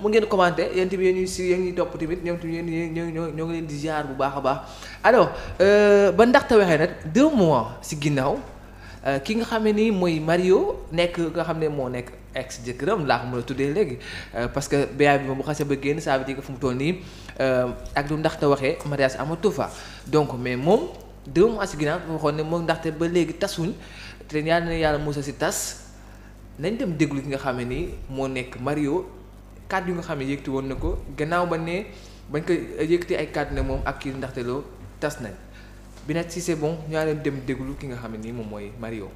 mu ngeen commenté yéen tamit yéen ñuy si yéen ñuy topp tamit ñoom tamit yéen ñoo ñoo ñoo ngi leen di ziar bu baax a baax alors euh, ba ndaxte waxee nag deux mois si ginnaaw euh, ki nga xam ne nii mooy Mario nekk nga xam ne moo nekk ex jëkkëram laa ko mën a tuddee léegi euh, parce que béyaay bi moom bu xasee ba génn ça mu toll nii ak ndaxte waxee mariage amatu fa donc mais moom deux mois si ne moom ndaxte ba léegi tasuñ te ñaan na yàlla musa si tas nañ dem déglu ki nga xam ne nii moo nekk Mario. kàddu yu nga xam ne yëkkati woon na ko gannaaw ba ne bañ ko yëkkati ay kàddu ne moom ak kii ndaxte loo tas nañ bi nag si c'est bon ñu leen dem déglu ki nga xam ne nii moom mooy Mario.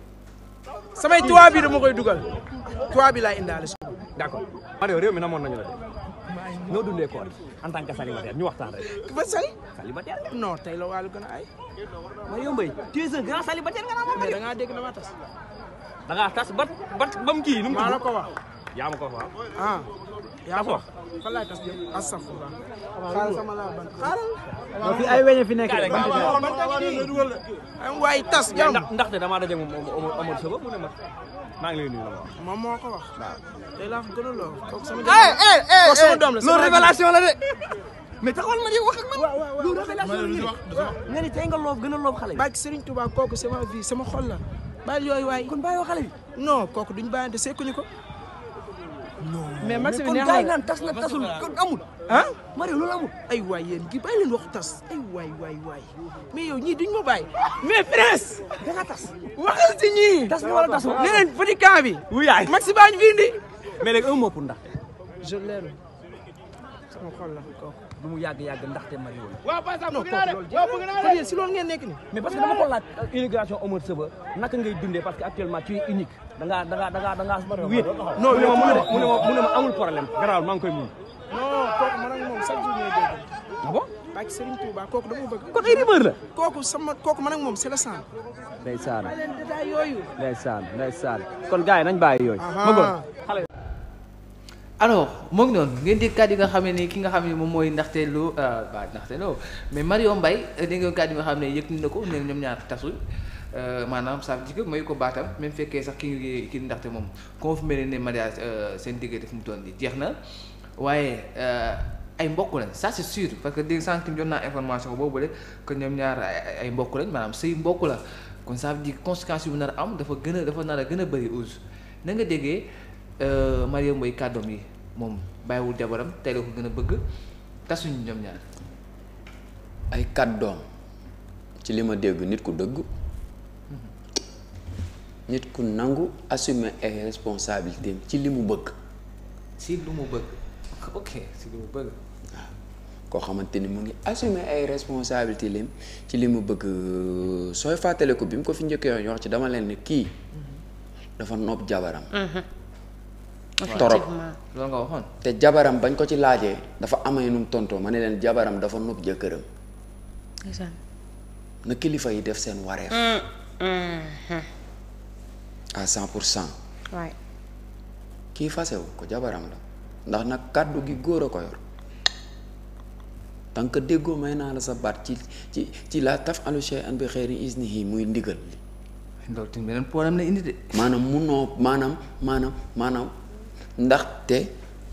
samay tubaab bi dama koy dugal tubaab bi laay indaale su d'accord Mario réew mi namoon nañu la de noo dundee koor tant que célibataire ñu waxtaan rek ba sali célibataire non tey la waalu gën a ay Mario Mbaye tu es un grand célibataire nga naa da ngaa dégg damaa tas da ngaa tas ba ba mu kii nu mu maa la ko wax yaa ma ko yaa ko wax fan laay tas jëm astafurlah xaaral sama laa ban xaaral fi ay weñ fi nekk waaye tas jëm ndaxte damaa daje moom amul sëba mu ne maa ngi lay nuyu moom moo ko wax tey laa a loo kooku sama eh, eh, eh, doom la loolu révélation la de mais taxawal ma di wax ak man loolu révélation la nga ni tey nga loof gën a loof xale barke Serigne Touba kooku sama vie sama xol la bàyyi yooyu waay kon bàyyi xale bi non kooku duñ bàyyante sekkuñu ko mais Max bi neex na kon tas na tasul kon amul. ah Mario loolu amul. ay waay yéen kii bàyyi leen wax tas ay waay waay waay mais yow ñii duñ ma bàyyi. mais Prince. nga tas. waxal si ñii. tas nga wala tasul nee nañ petit camp bi. wuyaay Max baa ñu sama xol la lu mu yàgg yàgg ndaxte ma woon. waaw par exemple loolu si loolu ngeen nekk ni mais parce que dama ko laaj immigration Omar Seba naka ngay dundee parce actuellement tu unique. da ngaa da ngaa da ngaa da mu ne ma mu ne ma amul problème. garaawul koy muñ. non kooku man ak moom chaque jour ngay dégg. ah bon. bëgg. kooku sama kooku man moom c'est le sang. ndeysaan ndeysaan ndeysaan kon gars yi nañ bàyyi yooyu. ma alors moo ngi noonu ngeen di kàddu yi nga xam ne ni ki nga xam ne moom mooy ndaxte loo waaw euh, ndaxte loo mais Mario mbay euh, da nga kàddu yi nga xam ne yëg na ko ne ñoom ñaar tasu euh, maanaam saa ji ko ko baatam même fekkee sax ki ngi ki ndaxte moom confirmé ne mariage seen diggante fu mu toll nii jeex na waaye ay mbokk lañ ça c'est sûr parce que dégg sànq jot naa information boobu de que ñoom ñaar ay mbokk maanaam sëy mbokk la kon ça veut conséquence yu nar am dafa gën a dafa nar a gën a bëri ose na nga déggee. Euh, Mariam Mboye kàddoom yi moom bàyyiwul jabaram tey la ko gën a bëgg tasuñu ñoom ñaar. ay kàddoom ci li ma dégg nit ku dëgg. Mm-hmm. nit ku nangu assumer ay responsabilités ci li mu bëgg. ci lu mu bëgg xamante ni mu ngi assumer ay responsabilités lim ci li mu bëgg sooy fàttaliku bi mu ko fi njëkkee yoon wax ci dama leen ne kii mm-hmm. dafa nopp jabaram. Mm-hmm. torop te jabaram bañ ko ci laajee dafa amee num tontoo ma ne leen jabaram dafa nopp jëkkëram na kilifa yi def seen wareef mm, mm-hmm. à cent pour cent waay fasewu ko jabaram la ndax nag kàddu gi góor a ko yor tant que déggoo may naa la sa baat ci ci ci laa taf alu shay'an bi xeyri isnihi muy ndigal li indi maanaam munoo maanaam maanaam maanaam ndaxte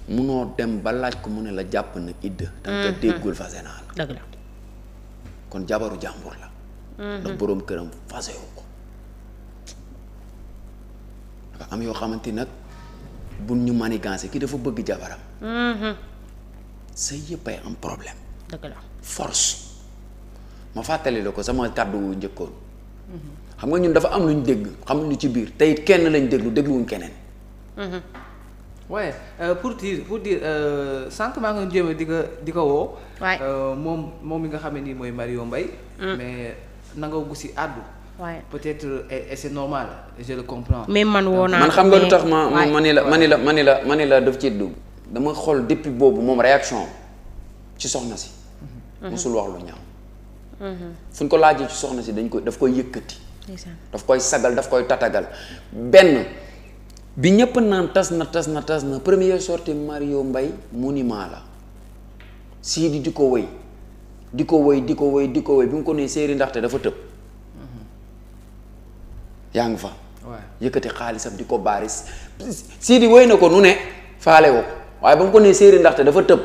munoo dem ba laaj ko mu ne la jàpp na idd danga mm-hmm. déggul fase naa la dëgg la kon jabaru jàmbur la mm-hmm. ndax boroom këram fasewu ko dafa am yoo xamante nag bu ñu manigancé ki dafa bëgg jabaram mm-hmm. say yëpp ay am problème dëgg la force ma fàttali la ko sama kàddu wu njëkkoon xam nga ñun dafa am lu ñu dégg xamuñu ci biir tey kenn lañ déglu dégluwuñ keneen waaye euh, pour dire pour dire sànq maa ngi jéem di ko di ko woo. waay euh, moom moom mi nga xam ne nii mooy Mario Mbaye. Mm. mais nangagu si àddu. peut-être et c'est normal je le comprends. mais man woo naa man xam nga lu tax ma ma ni la ma ni la ma ni la ma ni ci dugg. dama xool depuis boobu moom réaction ci soxna si. mosul mm-hmm. wax lu ñaaw. Mm-hmm. fu ñu ko laajee ci soxna si dañ koy daf koy yëkkati. daf koy sagal daf koy tatagal benn. bi ñëpp naan tas na tas na tas na première sortie Mario Mbaye monument la Sidi di ko woy di ko woy di ko woy di ko woy bi mu ko nee seeri ndaxte dafa tëb mhm. yaa ngi fa yëkkati xaalisam di ko baaris Sidi woy na ko nu ne faale woo waaye ba mu séeri ndaxte dafa tëb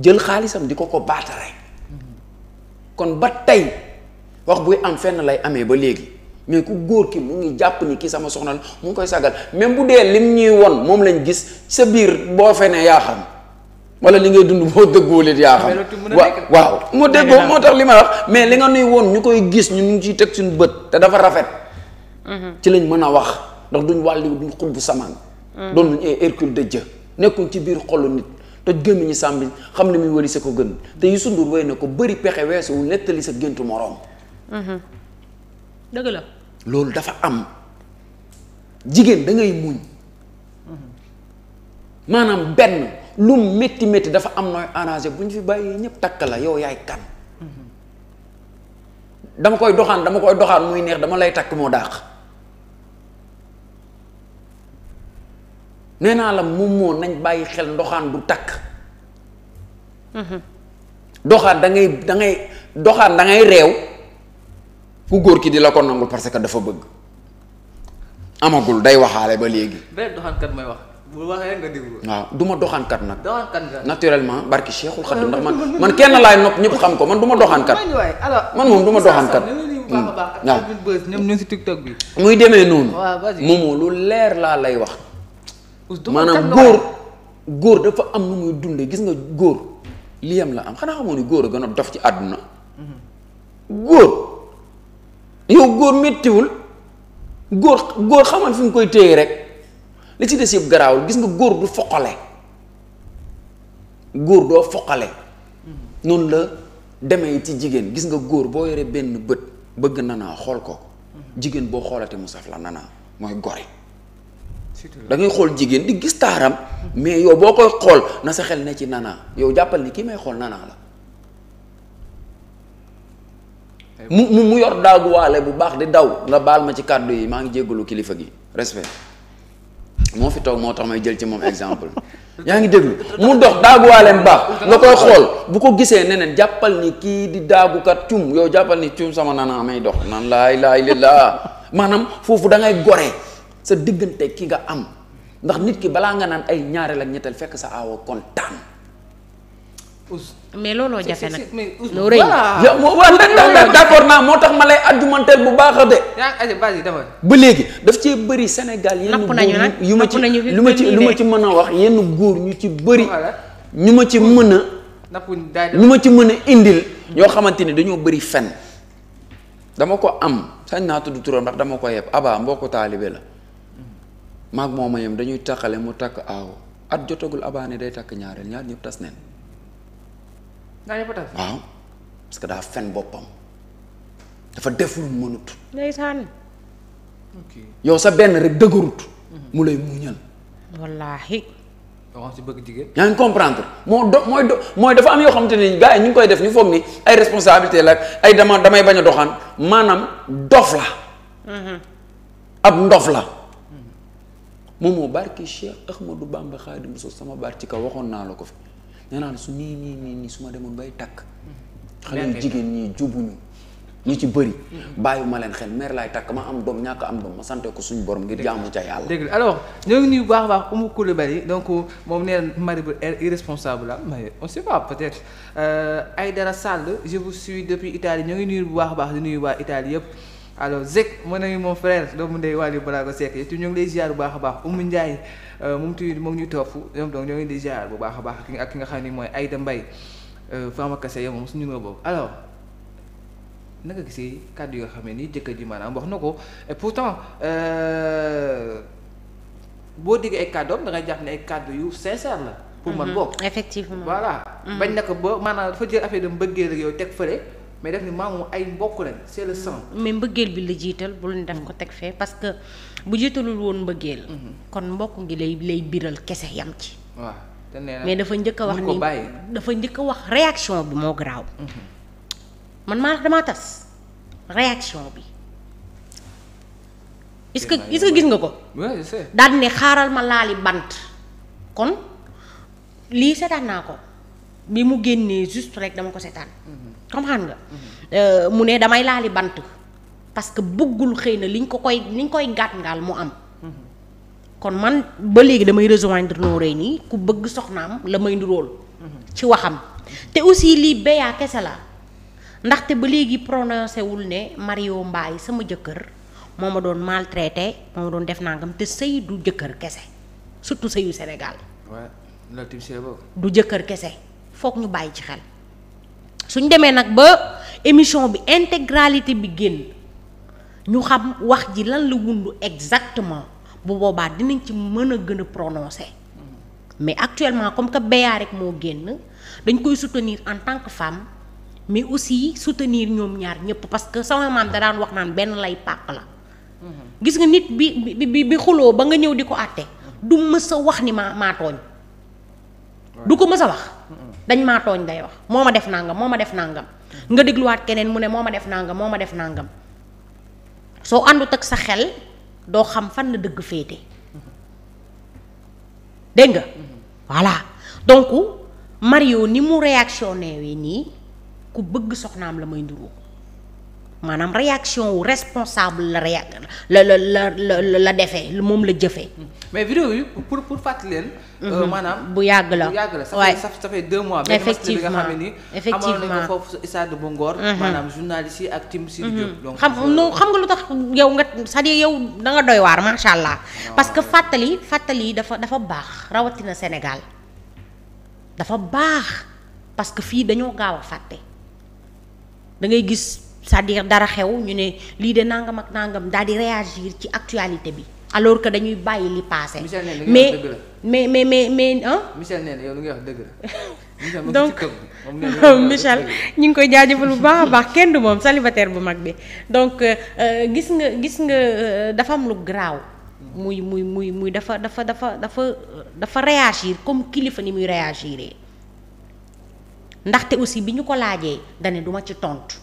jël xaalisam di ko ko baatare mhm. kon ba tey wax buy am fenn lay amee ba léegi mais ku góor ki mu ngi jàpp ni kii sama soxna la mu ngi koy sàggal mais bu dee lim ñuy won moom lañ gis sa biir boo fe ne yaa xam wala li ngay dund boo dëggoo dëggoolit yaa xam waaw moo déggoo moo tax li ma wax mais li nga nuy woon ñu koy gis ñun ñu ngi ciy teg suñu bët te dafa rafet mhm. ci lañ mën a wax ndax duñ wàlli duñ xub samaan mhm. doon luñu ay Hercule de jë nekkuñ ci biir xolu nit toj gémmiñu sàmbi xam ne muy wëli sa ko gën te yu sundur way na ko bëri pexe weesuwul nettali sa géntu moroom mhm. loolu dafa am jigéen dangay ngay muñ maanaam benn lu metti metti dafa am nooy arrangé bu ñu fi bàyyi ñëpp takk la yow yaay kan dama koy doxaan dama koy doxaan muy neex dama lay takk moo daax nee naa la moom moo nañ bàyyi xel ndoxaan du takk mhm. doxaan da dangay doxaan dangay reew ku góor ki di la ko nangul parce que dafa bëgg amagul day waxaale ba léegi. benn doxaankat may wax bu waxee nga déglu. waaw du ma doxaankat nag. doxaankat nga naturellement barki Cheikhul Khadim ndax man man kenn laay nopp ñëpp xam ko man du ma doxaankat. man moom du ma doxaankat. waaw hmm, ñoom ñoo si TikTok bi. muy demee noonu. moomoo lu leer laa lay wax. maanaam góor góor dafa am nu muy dundee gis nga góor li liyam la am xanaa xamoo ni góor a gën a dof ci àdduna. Mhm. góor. yow góor méttiwul góor góor xamal fi nga koy téye rek li ci des yëpp garaawul gis nga góor du foqale góor doo foqale noonu la demee ci jigéen gis nga góor boo yoree benn bët bëgg nanaa xool ko jigéen boo xoolatee mu saf la nanaa mooy gore da ngay xool jigéen di gis taaram mais yow boo koy xool na sa xel ne ci nanaa yow jàppal ni kii may xool nanaa la mu mu mu yor daaguwaale bu baax di daw nga baal ma ci kàddu yi maa ngi jéggalu kilifa gi respect moo fi toog moo tax may jël ci moom exemple yaa ngi déglu mu dox daaguwaaleem baax nga koy xool bu ko gisee neneen jàppal ni kii di daagukat cum yow jàppal ni cum sama nana may dox nan laa ilaaha illallaah maanaam foofu dangay gore sa diggante ki nga am ndax nit ki balaa nga naan ay ñaareel ak ñetteel fekk sa aawa kontaan mais looloo jafe nag loo rëy waaw d'accord naa moo tax ma lay argumenté bu baax a de. ba léegi daf cee bëri Sénégal yenn góor yu ma ci lu ma ci lu ma ci mën a wax yenn góor ñu ci bëri ñu ma ci mën a ñu ma ci mën a indil ñoo xamante ni dañoo bëri fen dama ko am sañ naa tudd turam ndax dama ko yeb Aba ko taalibe la maag mooma yem dañuy takkale mu takk aaw at jotagul Aba ne day takk ñaareel ñaar ñëpp tas neen Dany Potas waaw parce que daa fen boppam dafa def lu mënut. yow sa benn rek dëgërut. mu lay muñal. wallaahi. waxoon si bëgg jigéen. yaa ngi comprendre moo do mooy do mooy dafa am yoo xamante ni gars yi ñu ngi koy def ñu foog ni ay responsabilité la ay dama damay bañ a doxaan maanaam dof la. Mm-hmm. ab ndof la. moom moo barki Cheikh Ahmadou Bamba Xaadimu Rasuul sama baat ci kaw waxoon naa la ko fi. nee naa la su nii nii nii nii su ma demoon bay takk. Mm-hmm. xale jigéen ñi jubuñu ñu ci bëri. Mm-hmm. bàyyi ma leen xel mère laay takk ma am doom ñàkk am doom ma sante ko suñu borom ngir jaamu ca yàlla. dëgg alors ñoo ngi nuyu baax a baax Oumou Coulibaly donc moom nee na mari bu er, irresponsable la mais on sait pas peut être euh, Aïdara Sall je vous suis depuis Italie ñoo ngi nuyu bu baax a baax di nuyu waa yëpp. alors Zek mën nañu mon frère doomu ngi lay ziar bu baax a baax Oumou Ndiaye. Euh, moom tamit moom ñu topp ñoom donc ñoo ngi di ziar bu baax baax ak ki nga xam ni mooy ay Mbaye Fama Kassé yow moom suñu nga boobu alors naka gisee kàddu yi nga xam ne nii jëkkër ji maanaam wax na ko et pourtant euh, boo diggee ay kàddoom da jàpp ne ay kàddu yu sincère la. pour man mhm. bokk effectivement voilà. Mhm. bañ na ko ba naa dafa jël affaire de bëggee ak yow teg fële. mais def ni maamu ay mbokk rek c'est le mais mbëggeel bi la jiital bul ñu def ko mm-hmm. teg fee parce que bu jiitalul woon mbëggeel. Mm-hmm. kon mbokk ngi lay lay biral kese yam ci. waaw dafa njëkk a wax ni dafa njëkk a wax réaction bi moo garaaw. Mm-hmm. man maa damaa tas réaction bi. est-ce que est gis nga ko. daal ne xaaral ma laali bant. kon lii seetaan naa ko bi mu génnee juste rek dama ko seetaan. comprendre nga. Euh, mu ne damay laali bant parce que bëggul xëy na liñ ko koy liñ koy gàtt ngaal mu am. kon man ba léegi damay rejoindre Norey nii ku bëgg soxnaam la may nduróol ci waxam te aussi lii béyaa kese la ndaxte ba léegi prononcé wul ne Mario mbaay sama jëkkër moo ma doon maltraité moo ma doon def nangam te sëy du jëkkër kese surtout sëyu Sénégal. du jëkkër kese foog ñu bàyyi ci xel. suñ demee nag ba émission bi intégralité bi génn ñu xam wax ji lan la wundu exactement bu boobaa dinañ ci mën a gën a prononcer mais actuellement comme que Béya rek moo génn dañ koy soutenir en tant que femme mais aussi soutenir ñoom ñaar ñëpp parce que sama maam da daan wax naan benn lay pàq la gis nga nit bi bi bi xuloo ba nga ñëw di ko àtte du mësa wax ni maa maa tooñ du ko mës a wax dañ maa tooñ day wax moo ma def nangam moo ma def nangam nga dégluwaat keneen mu ne moo ma def nangam moo ma def nangam soo àndut ak sa xel doo xam fan la dëgg féete dégg nga voilà donc Mario ni mu réactionné yi nii ku bëgg soxnaam la may nduru maanaam réaction wu responsable la réa la la la moom la jëfee. mais vidéo yi pour pour fàttali euh, mhm. maanaam bu yàgg la bu yàgg la. waay ça fait deux mois. effectivement benn bi nga xam ne nii foofu stade de Bongor. Mhm. maanaam mhm. xam euh, xam nga lu tax yow nga c'est-à-dire yow da nga doy waar macha allah. parce que fàttali fàttali dafa dafa baax rawatina Sénégal dafa baax parce que fii dañoo gaaw a fàtte da ngay gis. cest à dara xew ñu ne lii de nangam ak nangam daal di réagir ci actualité bi alors que dañuy bàyyi li passé. mais mais mais mais mais ah. Michel nee na yow li nga donc Michel ñu ngi koy jaajëfal bu baax baax kenn du moom célibataire bu mag bi donc euh, euh, gis nga gis nga euh, dafa am lu garaaw. muy muy muy muy dafa dafa dafa dafa dafa réagir comme kilifa ni muy réagir ndaxte aussi bi ñu ko laajee dane duma ci tontu.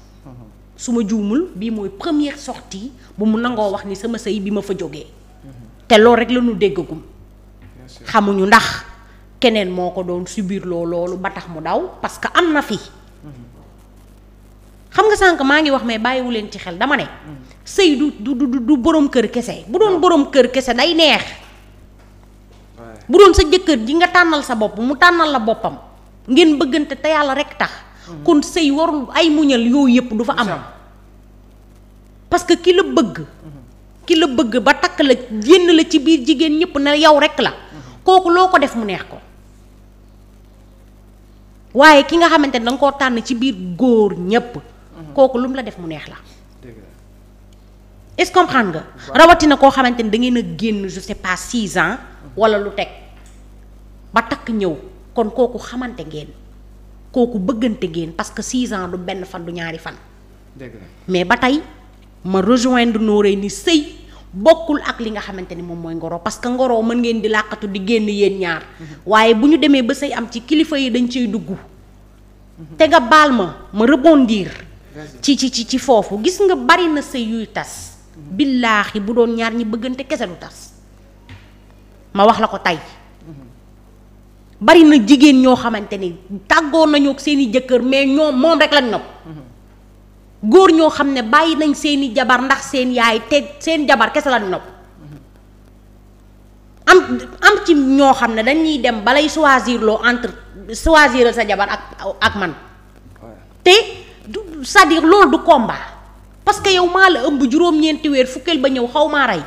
su ma juumul bii mooy première sortie bu mu nangoo wax ni sama sëy bi ma fa jógee te loolu rek lanu ñu déggagum xamuñu ndax keneen moo ko doon subir loo loolu ba tax mu daw parce que am na fi mhm. xam nga sànq maa ngi wax mais bàyyiwu leen ci xel dama ne mhm. sëy du du du borom kër kese bu doon borom kër kese day neex bu doon sa jëkkër ji nga tànnal sa bopp mu tànnal la boppam ngeen bëggante te yàlla rek tax kon sëy warul ay muñal yooyu yëpp du fa am parce que ki la bëgg ki la bëgg ba takk la génn la ci biir jigéen ñëpp na yow rek la kooku loo ko def mu neex ko waaye ki nga xamante ne danga koo tànn ci biir góor ñépp kooku lu mu la def mu neex la est-ce que nga rawatina koo xamante ni da ngeen a génn je sais pas six ans wala lu teg ba takk ñëw kon kooku xamante ngeen kooku bëggante génn parce que 6 ans du benn fan du ñaari fan. mais ba tey ma rejoindre nooree ni sëy bokkul ak li nga xamante ni moom mooy ngoro parce que ngoro mën ngeen di làqatu di génn yéen ñaar. Mm-hmm. waaye bu ñu demee ba sëy am ci kilifa yi dañ ciy dugg. Mm-hmm. te nga baal ma ma rebondir. ci ci ci ci foofu gis nga bari na sëy yuy tas. Mm-hmm. billaaxi bu doon ñaar ñi bëggante kese du tas. ma wax la ko tey. bari na jigéen ñoo xamante ni tàggoo nañu seeni jëkkër mais ñoom moom rek lañ nopp mm-hmm. góor ñoo xam ne bàyyi nañ seeni jabar ndax seen yaay te seen jabar kese lañ nopp mm-hmm. am am ci ñoo xam ne dañuy dem balay choisir loo entre choisir sa jabar ak ak man te c'est-à-dire loolu du komba parce que yow maa la ëmb juróom-ñeenti weer fukkeel ba ñëw xaw maa rey.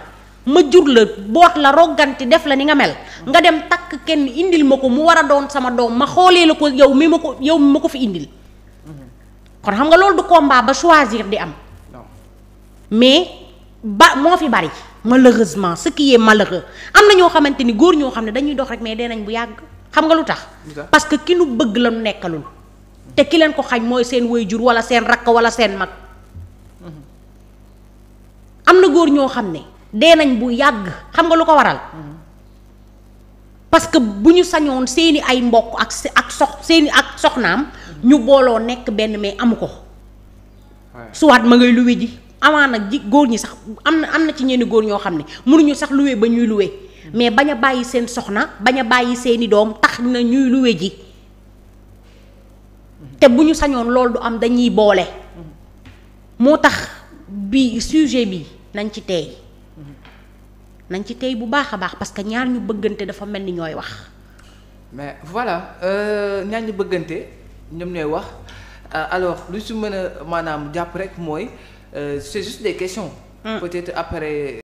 ma jur la boot la rogganti def la ni nga mel nga dem takk kenn indil ma ko mu war a doon sama doom ma xoolee la ko yow mi ma ko yow mi ma ko fi indil kon xam nga loolu du kombaa ba choisir di am mais ba moo fi bari malheureusement ce qui est malheureux am na ñoo xamante ni góor ñoo xam ne dañuy dox rek mais dee bu yàgg xam lu tax parce que ki bëgg la nu nekkalul te ki leen ko xañ mooy seen waajur walla seen rakk walla seen mag mhm. am na góor ñoo xam ne dee nañ bu yàgg xam nga lu ko waral parce que bu ñu sañoon seeni ay mbokk ak ak sox seeni ak soxnaam ñu booloo nekk benn mais amu ko suwaat ma ngay luwe ji amaan nag ji góor ñi sax am na am na ci ñenn góor ñoo xam ne mënuñu sax luwe ba ñuy luwe mais bañ a bàyyi seen soxna bañ a bàyyi seeni doom tax na ñuy luwe ji te bu ñu sañoon loolu du am dañuy boole moo tax bi sujet bi nañ ci teey nañ ci tey bu baax a baax parce que ñaar ñu bëggante dafa mel ni ñooy wax. mais voilà euh, ñaar ñu bëggante ñoom ñooy wax euh, alors lu si mën a maanaam jàpp rek mooy euh, c'est juste des question mm. peut-être après.